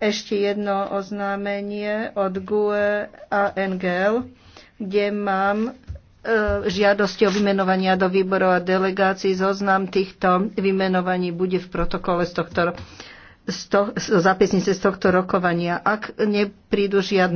ešte jedno oznámenie od GUE a NGL, kde mám e, žiadosti o vymenovania do výborov a delegácií. Zoznam týchto vymenovaní bude v protokole z tohto, z to, z z tohto rokovania. Ak neprídu žiadne